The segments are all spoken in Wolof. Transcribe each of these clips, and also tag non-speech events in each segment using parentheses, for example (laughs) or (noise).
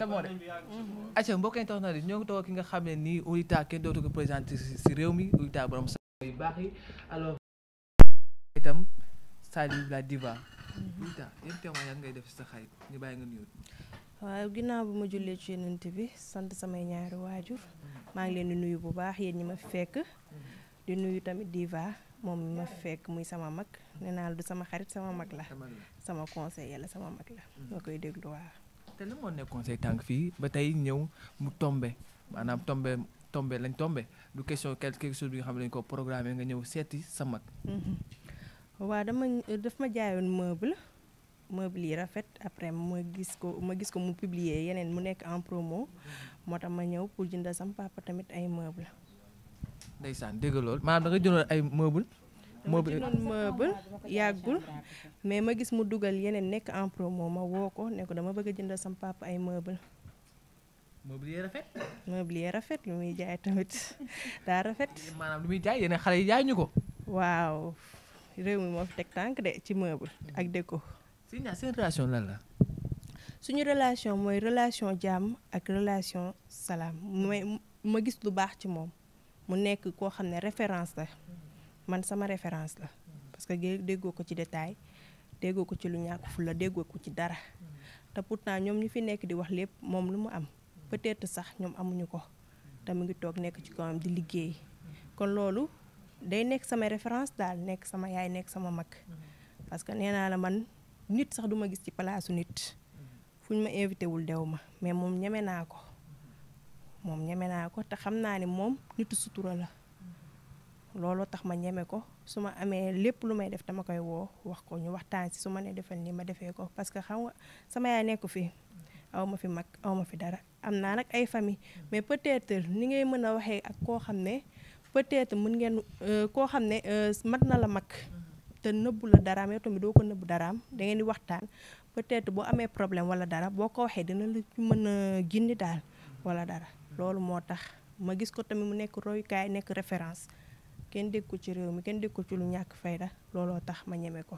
c'est bon de mm-hmm. acca na ñoo ngi toog ki nga xam ne nii Oulita kenn dootu ko présenté si réew mi Oulita borom sa yu baax yi alors itam la diva mm-hmm. Oulita yan témoignage ngay def si sa xarit ñu bàyyi waaw ginnaaw bi ma jullee ci yenant bi sant samay ñaari waajur mm-hmm. maa ngi leen di nuyu bu baax yéen ñi ma fekk di nuyu tamit diva moom mi ma fekk muy sama mag nee la du sama xarit sama mag la sama conseiller la sama mag la nga koy déglu te la moo nekkoon say tànk fii ba tey ñëw mu tombe maanaam tombe tombe lañ tombe du question quelque chose bi nga xam ne dañ ko programmé nga ñëw seeti sa mag mm-hmm. waaw dama daf ma jaayoon meuble meuble yi rafet après ma gis ko ma gis ko mu publier yeneen mu nekk en promo mm-hmm. moo tax ma ñëw pour jëndal sama tamit ay meuble ndeysaan dégg lool maanaam da nga jëndoon ay meuble meuble jëndoon meuble yàggul mais ma gis mu dugal yeneen nekk en promo ma woo ko ne dama bëgg a jëndal sama papa ay meuble meublier rafet. meublier rafet lu muy jaay tamit (laughs) daa rafet. maanaam lu muy jaay yeneen xale yi jaay ñu ko. waaw réew mi moo fi teg tànk de ci meuble ak dégg ko ñaa seen relation la. suñu relation mooy relation jàmm ak relation salaam mooy ma gis lu baax ci moom mu nekk koo xam ne référence la. man sama référence la parce que déggoo ko ci détail déggoo ko ci lu ñàkk la déggoo ko ci dara te pourtant ñoom ñu fi nekk di wax lépp moom lu mu am peut-être sax ñoom amuñu ko te mu ngi toog nekk ci kawam di liggéey kon loolu day nekk sama référence daal nekk sama yaay nekk sama mag parce que nee naa la man nit sax duma gis ci palaasu nit fu ñu ma invité wul dew ma mais moom ñeme naa ko moom ñeme naa ko te xam naa ne moom nitu sutura la looloo tax ma ñeme ko su ma amee lépp lu may def dama koy woo wax ko ñu waxtaan si su ma nee defal nii ma defee ko parce que xam nga sama yaay nekku fii aw ma fi mag aw ma fi dara am naa nag ay famille mais peut-être ni ngay mën a waxee ak koo xam ne peut-être mën ngeen euh, koo xam ne euh, mat na la mag te nëbbu la daraam yow tamit doo ko nëbbu daraam da ngeen di waxtaan peut-être boo amee problème wala dara boo ko waxee dina la mën a gindi daal wala dara loolu moo tax ma gis ko tamit mu nekk royukaay nekk référence kenn dégg ko ci réew mi kenn dégg ci lu ñàkk fayda looloo tax ma ñeme ko.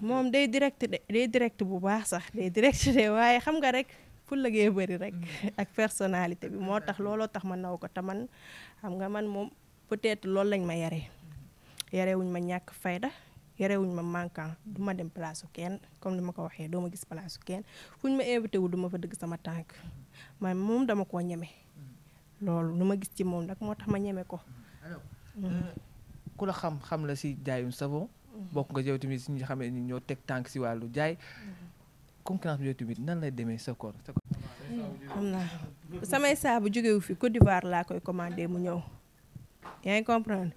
moom day direct de day direct bu baax sax day direct de waaye xam nga rek fu lëggee bëri rek. Mm. (laughs) ak personnalité bi moo tax looloo tax ma naw ko te man xam nga man moom peut-être loolu lañ ma yare mm. yarewuñ ma ñàkk fayda yarewuñ ma manquant du ma dem place kenn comme ni ma ko waxee doo ma gis palaasu kenn fuñ ma invité wu du fa dëgg sama tànk mm. ma moom dama koo ñeme. loolu nu ma gis ci moom nag moo tax ma ñeme ko. Mm. Euh, ku la xam xam la si jaayum savon. Mm. bokk nga yow tamit si ñi xam ne ñoo teg tànk si wàllu jaay. Mm. concurrence bi yow tamit nan lay demee sa koor sa xam naa samay saabu jógewu fi Côte d'Ivoire laa koy commandé mu ñëw. yaa comprendre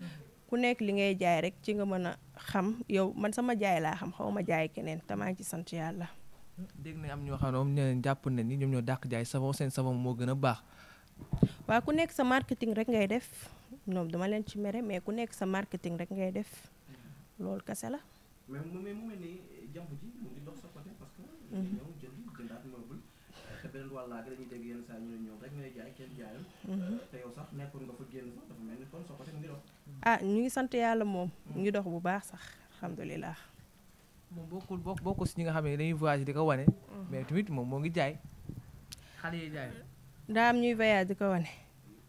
ku nekk li ngay jaay rek ci nga mën a xam yow man sama jaay laa xam xaw ma jaay keneen te ci sant yàlla. dégg na am ñoo xam ne moom nee jàpp na ni ñoom ñoo dàq jaay savon seen savon moo gën a baax. waaw ku nekk sa marketing rek ngay def ñoom dama leen ci mere mais ku nekk sa marketing rek ngay def loolu kese la. mais mu mel mu ngi dox sa côté parce que. Mhm. ñoom jënd jëndaat meuble te beneen wàll laa dañuy dégg yenn saa ñu ne ñoom rek mhm. ah ñu ngi sant yàlla moom. Mhm. ñu ngi dox bu baax sax alhamdulilah. moom bokkul bokk bokkul si ñi nga xam ne dañuy voyage di ko wane. mais tamit moom moo ngi jaay. xale yi jaay. daa am ñuy voyage di ko wane.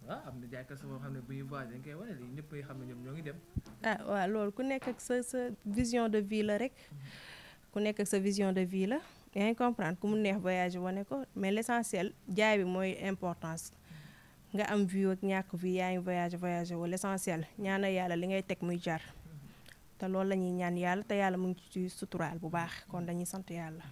ah am na jaaykat sama xam ne bu ñuy voyage dañ koy wane lii ñëpp xam ne ñoo ngi dem. ah waaw loolu ku nekk ak sa sa vision de vie la rek mm-hmm. ku nekk ak sa vision de vie la yaa ngi comprendre ku mu neex voyage wane ko mais l'essentiel jaay bi mooy importance. Mm-hmm. nga am vue ak ñàkk vue yaa ngi voyage voyage wala l'essentiel ñaanal yàlla li ngay teg muy jar mm-hmm. te loolu la ñuy ñaan yàlla te yàlla mu ngi ci suturaal bu baax kon dañuy sant yàlla.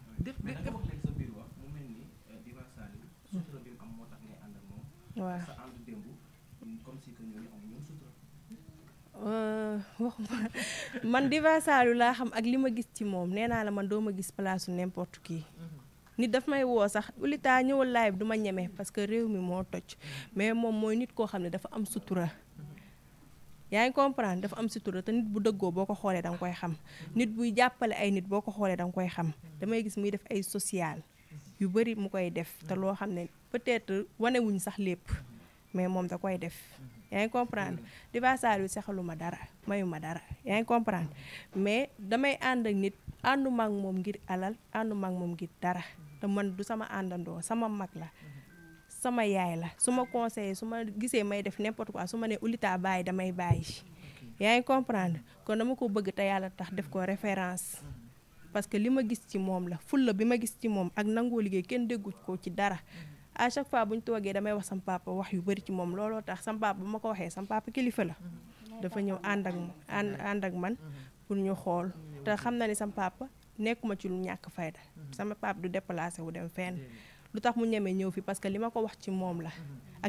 Euh, waaw sa (laughs) man Diva Saliou laa xam ak li ma gis ci moom nee naa la man doo ma gis place su n'importe kii mm-hmm. nit dafa may woo sax ulita ñëwal live du ma ñeme parce que réew mi moo toj mm-hmm. mais moom mooy nit koo xam ne dafa am sutura mm-hmm. yaa ngi comprendre dafa am sutura te nit bu dëggoo boo ko xoolee danga koy xam nit buy jàppale ay nit boo ko xoolee danga koy xam damay gis muy def ay social yu bari mu koy def te loo xam ne peut-être wanewuñ sax lépp mais moom da koy def yaa ngi comprendre Diva bi sexalu ma dara mayuma dara yaa ngi comprendre mais damay ànd ak nit ànduma ak moom ngir alal ànduma ak moom ngir dara te man du sama àndandoo sama mag la sama yaay la su ma conseillé su ma gisee may def n'importe quoi su ma ne ulita bàyyi damay bàyyi yaa ngi comprendre kon dama ko bëgg te yàlla tax def ko référence parce que li ma gis ci moom la fulla bi ma gis ci moom ak nangoo liggéey kenn déggu ko ci dara à chaque fois bu ñu toogee damay wax sam papa wax yu bëri ci moom looloo tax sam papa bu ma ko waxee sam papa kilifa la mm-hmm. dafa ñëw ànd ak mm-hmm. ànd ànd ak man mm-hmm. pour ñu xool te xam na ni sam papa nekkuma ci lu ñàkk fayda sama papa du déplacé wu dem fenn lu tax mu ñemee ñëw fi parce que li ma ko wax ci moom la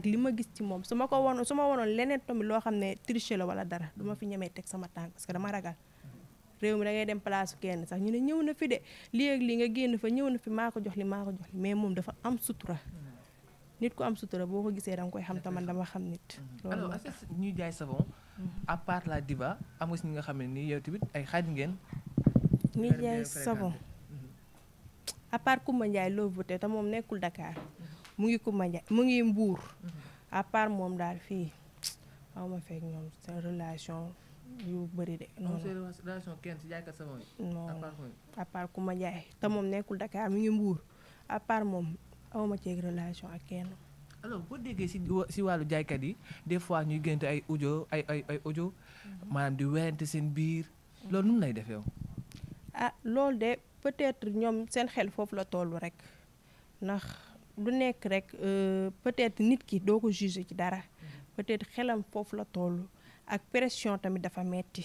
li ma gis ci moom su ko wonoon su ma wonoon leneen loo xam ne tricher la wala dara du fi ñemee teg sama tànk parce que dama ragal réew mi da ngay dem place kenn sax ñu ne ñëw na fi de lii ak lii nga génn fa ñëw na fi maa ko jox li maa ko jox li mais moom dafa am sutura nit ku am sutura boo ko gisee danga koy xam te man dama xam nit. Mm-hmm. loolu ñuy jaay savon. Mm-hmm. à la diva am si ñi nga xam ne nii yow tamit ay xaaj ngeen. ñuy mm-hmm. Kumba Ndiaye loo voté te moom nekkul dakaar mu ngi Kumba Ndiaye mu ngi Mbour. moom daal fii aw ma fekk ñoom sa relation de. non relation kenn si jaaykat savon nekkul Dakar mu ngi Mbour à moom. awma ceeg relation ak kenn. aloo boo déggee si si wàllu jaaykat yi des fois ñuy génte ay audio ay ay ay audio mhm. maanaam di werante seen biir mhm. loolu nun lay def yow. ah loolu de peut-être ñoom seen xel foofu la tollu rek ndax lu nekk rek euh, peut-être nit ki doo ko juger ci dara mhm. peut-être xelam foofu la tollu ak pression tamit dafa metti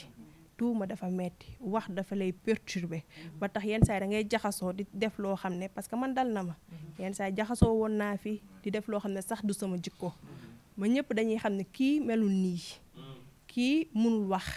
tuuma dafa metti wax dafa lay perturber ba tax yenn saa yi da ngay jaxasoo di def loo xam ne parce que man dal na ma yenn saay jaxasoo woon naa fi di def loo xam ne sax du sama jikko ma ñëpp dañuy xam ne kii melul nii kii mënul wax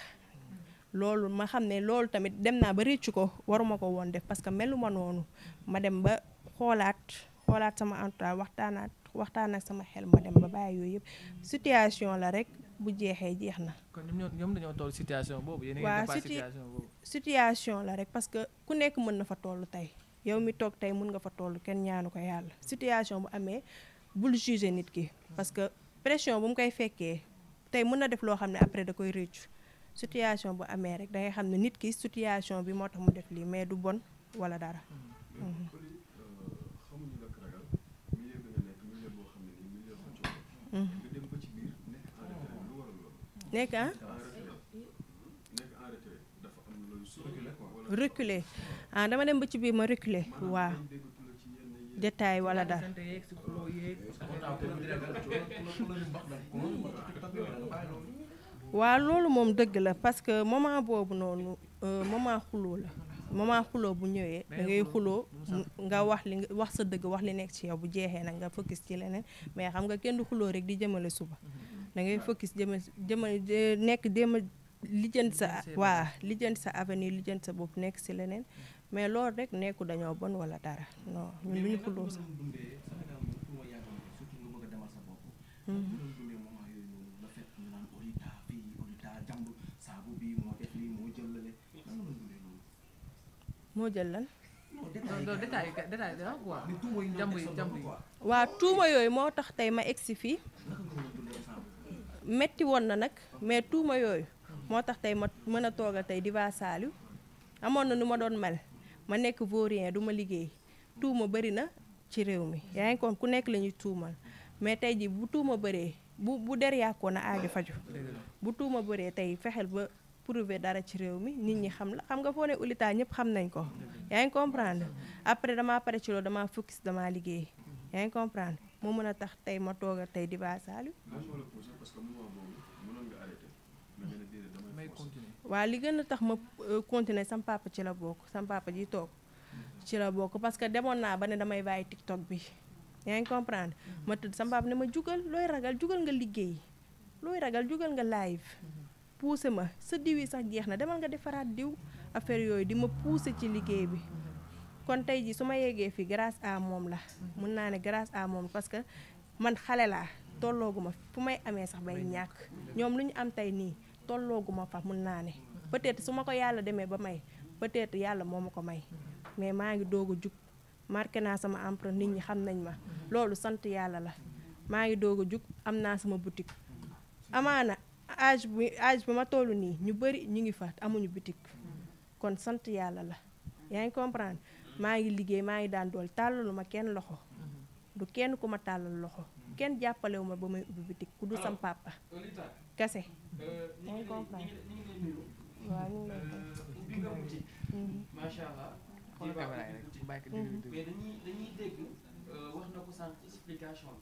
loolu ma xam ne loolu tamit dem naa ba réccu ko waruma ko woon def parce que melu ma noonu ma dem ba xoolaat xoolaat sama entourage waxtaanaat waxtaan ak sama xel ma dem ba bàyyi yooyu yëpp situation la rek bu jeexee jeex na. kon ñoom dañoo toll situation boobu. yéen a ngi situation situation la rek parce que ku nekk mën na fa toll tey yow mi toog tey mun nga fa toll kenn ñaanu ko yàlla situation bu amee bul juger nit ki. parce que pression bu mu koy fekkee tey mën na def loo xam ne après da koy rëccu situation bu amee rek dangay xam ne nit ki situation bi moo tax mu def lii mais du bon wala dara. Hmm. nekk ah reculer ah, dama dem ba ci biir ma reculer waa détail walla dara waa loolu moom dëgg la parce que moment boobu noonu euh, moment xuloo la moment xuloo bu ñëwee da ngay xuloo nga wax li wax sa dëgg wax li nekk ci yow bu jeexee nag nga focus ci leneen mais xam nga kenn du xuloo rek di jëmale suba da ngay focus jëma nekk déma lijjanti sa waa lijjanti sa avenir lijjant sa bopp nekk si leneen mais loolu rek nekku dañoo bon wala dara non lu ñu xuloo sax moo jël lan ah, waaw tuuma yooyu moo tax tey ma egsi fii metti woon na nag mais tuuma yooyu moo tax tey ma mën a toogal tey Diva Saliou amoon na nu ma doon mel ma nekk vaurien duma ma liggéey tuuma bëri na ci réew mi yaa ngi kon ku nekk lañuy tuuma mais tey ji bu tuuma bëree bu bu der yàqoo a aajo faju bu tuuma bëree tey fexel ba prouver dara ci réew mi nit ñi xam la xam nga foo ne Oulita ñëpp xam nañ ko yaa ngi comprendre après damaa pare ci loolu damaa focus damaa liggéey yaa ngi comprendre moo mën a tax tey ma toog a tey di Ba Saliou. parce li gën a tax ma euh, continuer sam papa ci la bokk sam papa ji toog ci la bokk parce que demoon naa ba ne damay bàyyi TikTok bi yaa ngi comprendre. Mm-hmm. ma tëdd sam ne ma jugal looy ragal jugal nga liggéey looy ragal jugal nga live. Mm-hmm. poussé ma sa diw yi sax jeex na demal nga defaraat diw affaire yooyu di ma poussé ci liggéey bi. kon tey jii su ma yeggee fii grace à moom la mun naa ne grace à moom parce que man xale laa tollooguma fu may amee sax bay ñàkk ñoom lu ñu am tey nii tollooguma fa mun naa ne peut-être su ma ko yàlla demee ba may peut-être yàlla moo ma ko may mais maa ngi doog a jug marqué naa sama empreinte nit ñi xam nañ ma loolu sant yàlla la maa ngi doog a jug am naa sama boutique amaana âge bi âge bi ma toll nii ñu bëri ñu ngi fa amuñu boutique kon sant yàlla la yaa ngi comprendre maa ngi liggéey maa ngi daan dool tàllalu ma kenn loxo mm-hmm. du kenn ku ma tàllal loxo mm-hmm. kenn jàppalewu ma ba may ubbi bitik ku du sam ah. papa kase mooy euh, comprendre waaw ñu lay euh, mm-hmm. euh, na ko sànq explication